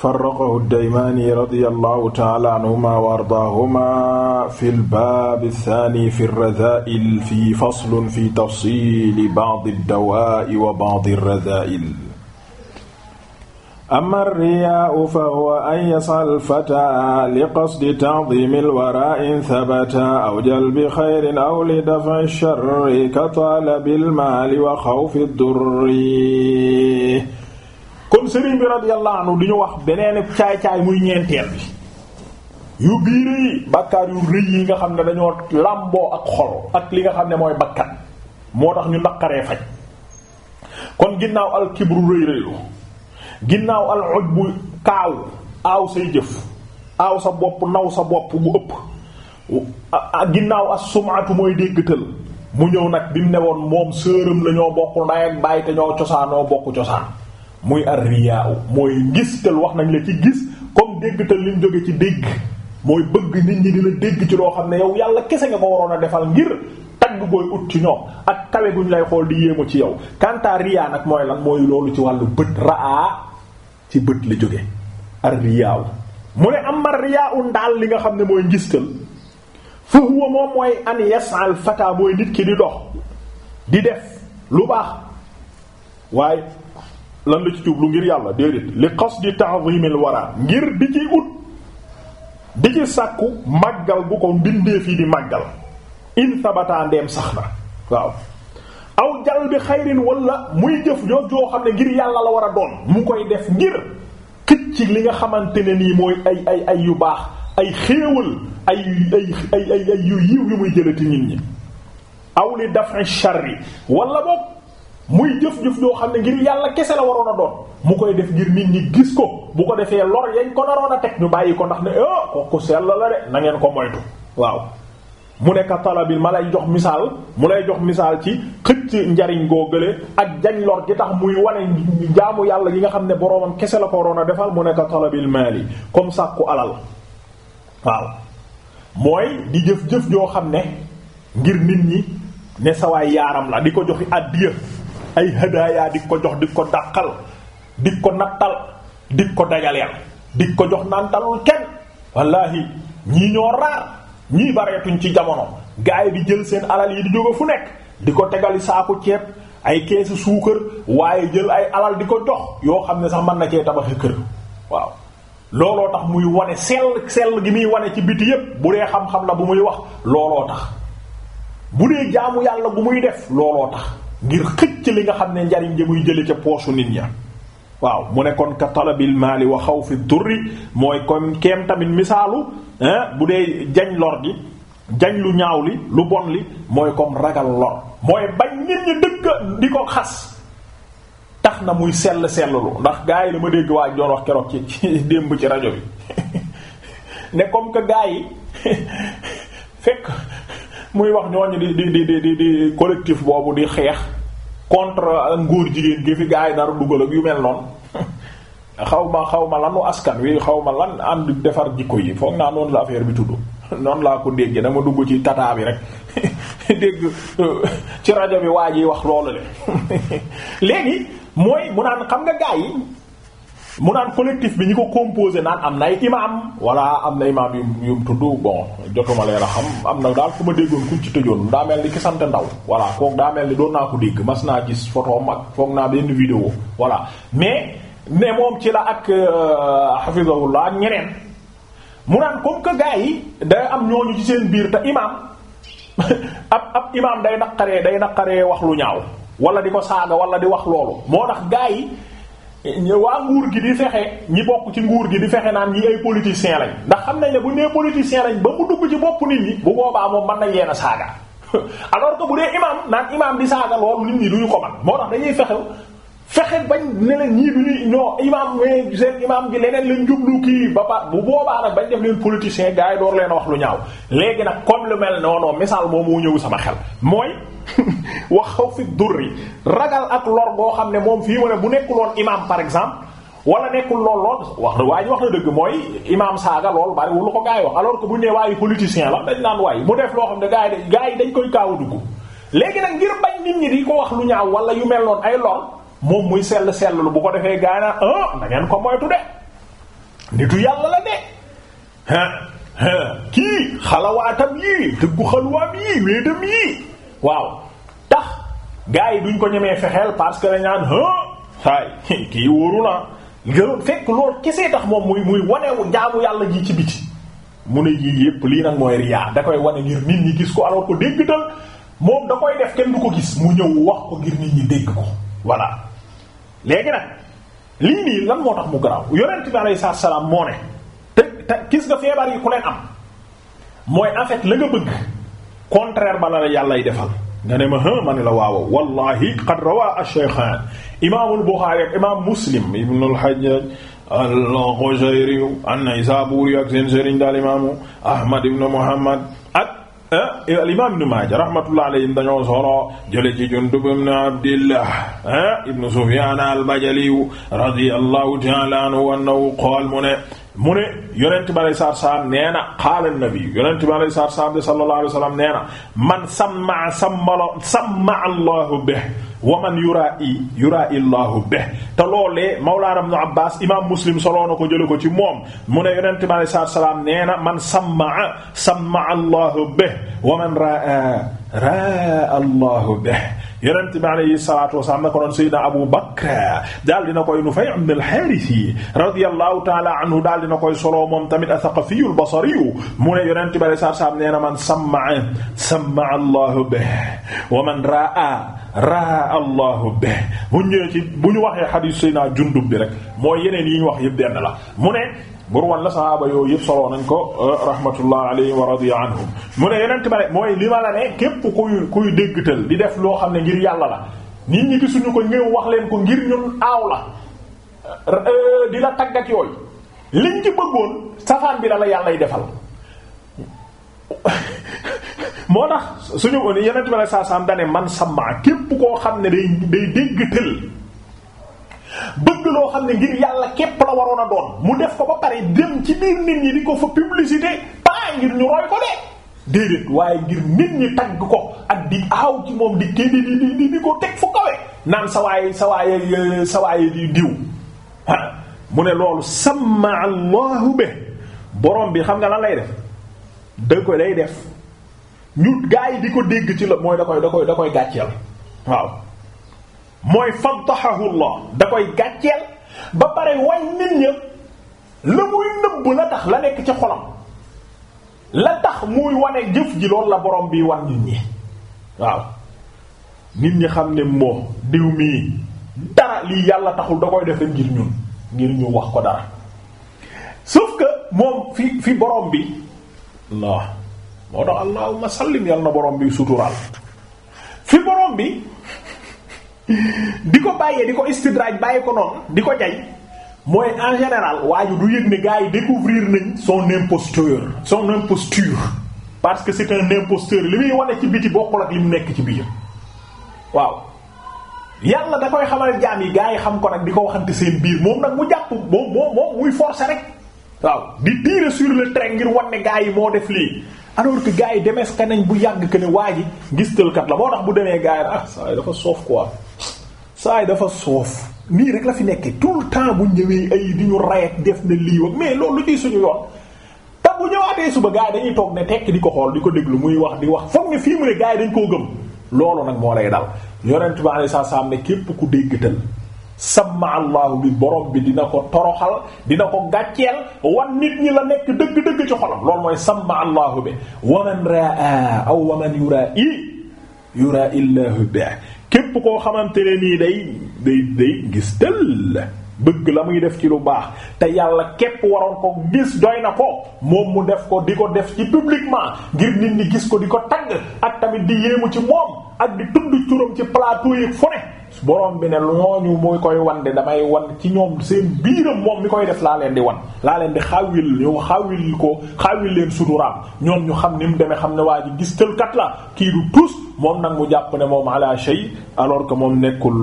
farraqahu daymaani radiyallahu ta'ala anhuma wa ardaahuma fi lbaabi thaani fi radaa'il fi faslun fi tafsiili ba'di dawaa'i wa ba'di radaa'il. amma riyaa'u fahuwa an yas'a al-fataa liqasdi ta'ziimi l-waraa'i in thabata aw jalbi khayrin aw lidaf'i sharri ka talabi l-maali wa khawfi d-durri kon sëriñ bi radiyallahu anhu di ñu wax beneen caay-caay muy ñeenteel bi yu biir yi bàkkaar yu rëy yi nga xam ne dañoo làmboo ak xol ak li nga xam ne mooy bakkan moo tax ñu naqaree faj kon ginnaaw al kibru rëy rëylu ginnaaw al bu kaaw aaw say jëf aaw sa bopp naw sa bopp bu ëpp ginnaaw as sumaatu mooy déggtal mu ñëw nag bi mu ne woon moom sëram lañoo ñoo bokk nday ak bàyyi te ñoo cosaanoo bokku cosaan muy arriyaaw mooy ngistal wax nañ la ci gis comme déggtal liñ jóge ci dégg mooy bëgg nit ñi di la dégg ci loo xam ne yow yàlla kese nga ko waroon a defal ngir tagg booy ut ci ñoom ak kawe guñ lay xool di yéemu ci yow kanta riyaa nag mooy lan mooy loolu ci wàllu bët raa ci bët la jóge arriyaaw mu ne amma riyaa'un daal li nga xam ne mooy ngistal fa huwa moom mooy an yas'al fata mooy nit ki di dox di def lu baax waaye lan la ci jublu ngir yàlla déedéet li qasdi ta'zimil wara ngir di ci ut di ci sàkku màggal bu ko mbindeef yi di màggal in sabata ndeem sax na waaw aw jal xayrin wala muy jëf ñoo joo xam ne ngir yàlla la war a doon mu koy def ngir xit li nga xamante ne nii mooy ay ay ay yu baax ay xéewal ay ay ay ay yu yiw yu muy jëlati nit ñi aw li daf'i sharri wala boog muy jëf-jëf joo xam ne ngir yàlla kese la waroon a doon mu koy def ngir nit ñi gis ko bu ko defee lor yañ ko naroon a teg ñu bàyyi ko ndax ne ah kooku sell la de na ko moytu waaw. mu nekk talabil ma lay jox misaal mu lay jox misaal ci xëcc njariñ goo gële ak jañ lor tax muy wane jaamu yàlla yi nga xam ne boroomam kese la ko waroon a defal mu nekk talabil maali comme sàkku alal waaw mooy di jëf-jëf joo xam ne ngir nit ñi ne sawaay yaaram la di ko joxi àddiya ay hadaaya di ko jox di ko dàqal di ko nattal di ko dajaleel di ko jox nantalul kenn wallahi ñii ñoo raar ñii bareetuñ ci jamono gaay bi jël seen alal yi di jóge fu nekk di ko tegali saaku ceeb ay keesu suukar waaye jël ay alal di ko jox yoo xam ne sax mën na cee tabaxi kër waaw looloo tax muy wane sell sell gi muy wane ci biti yépp bu dee xam-xam la bu muy wax looloo tax bu dee jaamu yàlla bu muy def looloo tax ngir xëcc li nga xam ne njariñ ja muy jële ca poosu nit ña waaw mu ne kon ka talabil maali wa fi durri mooy kon keem tamit misaalu bu dee jañ lor gi jañ lu ñaaw li lu bon li mooy comme ragal lor mooy bañ nit ñi dëkk di ko xas tax na muy sell sellulu ndax gaa yi dama dégg waaj doon wax keroog ci démb ci rajo bi ne comme que gaa yi fekk muy wax ñooñu di di di di di collectif boobu di xeex contre ngóor jigéen gi fi gars yi dara dugal ak yu mel noonu xaw ma xaw ma lanu askan wi xaw ma lan ànd defar jikko yi foog naa noonu la affaire bi tudd noonu laa ko déggee dama dugg ci tataa bi rek dégg euh, ci rajo bi waa ji wax loolu le léegi mooy mu naan xam nga gars yi mu naan collectif bi ñu ko composé naan am na ay imaam walla am na imaam yu yu tudd bon jotuma leer a xam am na daal ku ma déggoon kuñ ci tëjoon daa mel ni ki sant ndaw voilà kooku daa mel ni doon naa ko dégg mas naa gis photo am ak foog naa benn vidéo voilà mais ne moom ci la ak euh, hafizahullah ak ñeneen mu naan comme que gars yi day am ñooñu ci seen biir te imaam ab ab imaam day naqaree day naqaree wax lu ñaaw wala di ko saaga wala di wax loolu moo tax gars yi waa nguur gi di fexe ñi bokk ci nguur gi di fexe naan ñi ay politiciens lañ ndax xam nañ ne bu ñu nee politiciens lañ ba mu dugg ci bopp nit ñi bu boobaa moom man nañ yeen a saaga alors que bu dee imam naan imam di saaga loolu nit ñi duñu ko man moo tax dañuy fexe fexe bañ ne la ñii du ñuy non imaam mais seen imaam bi leneen lañ jublu kii ba pa bu boobaa bañ def leen politicien gars yi door leen wax lu ñaaw léegi nag comme lu mel noonu misaal moom moo ñëw sama xel mooy wax xaw fi durri ragal ak lor goo xam ne moom fii ma ne bu nekkuloon imaam par exemple. wala nekkul lool lool wax waa ji wax na dëgg mooy imaam saaga lool bari wu lu ko gars yi wax alors que bu ñu nee waayu politicien la dañ naan waay mu def loo xam ne gars yi dañ koy kaaw a dugg léegi nag ngir bañ nit ñi di ko wax lu ñaaw wala yu mel noonu ay lor. moom muy sell sell lu bu ko defee gaanaa ah oh, na ngeen ko moytu de nitu yàlla la de kii xalawaatam yii dëggu xaluwaam yii wéetam yii waaw tax gars yi duñ ko ñemee fexeel parce que dañ naan ah kii wóoru na gënoon fekk loolu kese tax moom muy muy wanewu jaamu yàlla ji ci biti mu ne yii yépp lii nag mooy riyaa da koy wane ngir nit ñi gis ko alors ko dégg tal moom da koy def kenn du ko gis mu ñëw wax ko ngir nit ñi dégg ko voilà léegi nag lii nii lan moo tax mu garaaw yonent bi alayhi salaam moo ne te te gis nga feebar ku leen am mooy en fait la nga bëgg contraire ba la la yàllay defal nga ne ma ha ma la waaw wallahi qad rawaa ash-shaykhaan imaamul Buxaari ak imaam Muslim ibn al-Hajjaj al-Qushayri an-Naysaburi ak seen sëriñ daal Ahmad ibn Muhammad ah eh, al-imaam Ibn Maaja rahmatullahi alayhim dañoo solo jële ci Jundub ibn Abdillah ah eh, ibn Sufyaan al-Bajaliyu radiyallahu ta'ala anhu annahu qaala mu ne mu ne yonent bi alei satu salaam nee na qaala nabi yonent bi alei satu salaam de sallallahu alayhi wa sallam nee na man sammaa sammala samma allahu bih wa man yuraa'i yuraa'i allahu bih te loolee mawlaana ibn abbas imam muslim soloo na ko jële ko ci moom mu ne yonent bi alei satu salaam nee na man sammaa samma allahu bih wa man ra'a ra'a allahu bih yonent bi alayhi salaatu wasalaam na ko noon sayyidina Abu Bakr daal dina koy Nufay ibn al-Haaris radiyallahu ta'ala anhu daal dina koy solo moom tamit ath-Thaqafi al-Basri mu ne yonent bi alayhi salaatu wasalaam nee na man sama'a sama'a Allahu bihi wa man ra'a raa allahu be bu ñëwee ci bu ñu waxee xadiis Seydina Jundub bi rek mooy yeneen yi ñu wax yëpp benn la mu ne bur wan la sahaaba yooyu yëpp soloo nañ ko euh, rahmatullah alayhi wa radiya anhum mu ne yeneen bare mooy li ma la ne képp kuy dégg déggtal di def loo xam ne ngir yàlla la nit ñi gisuñu ko ñëw wax leen ko ngir ñun aaw la euh, euh, di la taggat yooyu liñ ci bëggoon safaan bi la la yàllay defal moo tax suñu yeneen bare saa saam dane man sama képp koo xam ne day day déggtal bëgg loo xam ne ngir yàlla képp la waroon a doon mu def ko ba pare dem ci biir nit ñi di ko fa publicité pas ngir ñu roy ko de déedéet waaye ngir nit ñi tagg ko ak di aaw ci moom di kédi di ko teg fu kawe naan sa waaye sa di diw ah mu ne loolu sama allahu be borom bi xam nga lan lay def da ko lay def ñu gaa yi di ko dégg ci la mooy da koy da koy da koy gàcceel waaw mooy faddahahu llah da koy gàcceel ba pare way nit ña la muy nëbb la tax la nekk ci xolam la tax muy wane jëf ji loolu la borom bi wan nit ñi waaw nit ñi xam ne moo diw mii dara lii yàlla taxul da koy defe ngir ñun ngir ñu wax ko dara sauf que moom fi fi borom bi allah moo tax allahumma sallim yàlla na borom bi suturaal fi borom bi di ko bàyyee di ko istidraaj bàyyi ko noonu di ko jay mooy en général waaju du yëg ne gars yi découvrir nañ soo son imposture son imposture parce que c'est un imposteur li muy wane ci biti bokkul ak li mu nekk ci biir waaw yàlla da koy xamal jaam yi gaa yi xam ko nag di ko waxante seen biir moom nag mu jàpp moom moom moom muy forcer rek waaw di tirer sur le train ngir wan ne gaa yi moo def lii alors que gars yi demees ka nañ bu yàgg que ne waa ji gistalkat la moo tax bu demee gars yi ah saa dafa soof saa yi dafa soof nii rek la fi nekkee tout le temps bu ñëwee ay di ñu rayet def na lii wag mais loolu lu ciy suñu yoon te bu ñëwaatee suba gars dañuy toog ne tekk di ko xool di ko déglu muy wax di wax foog ne fii mu ne gars yi dañ koo gëm loolu nag moo lay dal yonent bi sa saa salaam ne képp ku déggtal sama allahu bi borom bi dina ko toroxal dina ko gàcceel wan nit ñi la nekk dëgg-dëgg ci xolam loolu mooy sama allahu bi waman raa aw waman yuraa i yuraa illahu képp koo xamante ne nii day day day gis tëll bëgg la muy def ci lu baax te yàlla képp waroon ko gis doy na ko moom mu def ko di ko def ci publiquement ngir nit ñi gis ko di ko tagg ak tamit di yéemu ci moom ak di tudd turam ci plateau yi fu ne boo bi ne ñooñu mooy koy wan de damay wan ci ñoom seen biiram moom mi koy def laa leen di wan laa leen di xawil yow xawil ko xawil leen suturaam ñoom ñu xam ni mu demee xam ne waa ji gis tëlkat la kii du tus moom nag mu jàpp ne moom ala shay alors que moom nekkul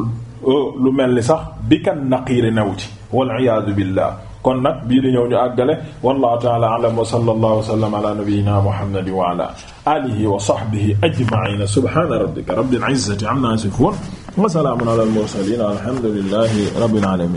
euh, lu mel ni sax bi kan naqiiri new ci wal iyaadu billah kon nag bii di ñëw ñu àggale wallahu taala alam wa sallallahu wa sallam ala nabiyyina muhammadin wa ala alihi wa sahbihi ajma'in subhana rabbika rabbil izzati amma yasifun wa salaamun alal mursaliin alhamdulillahi rabbil aalamiin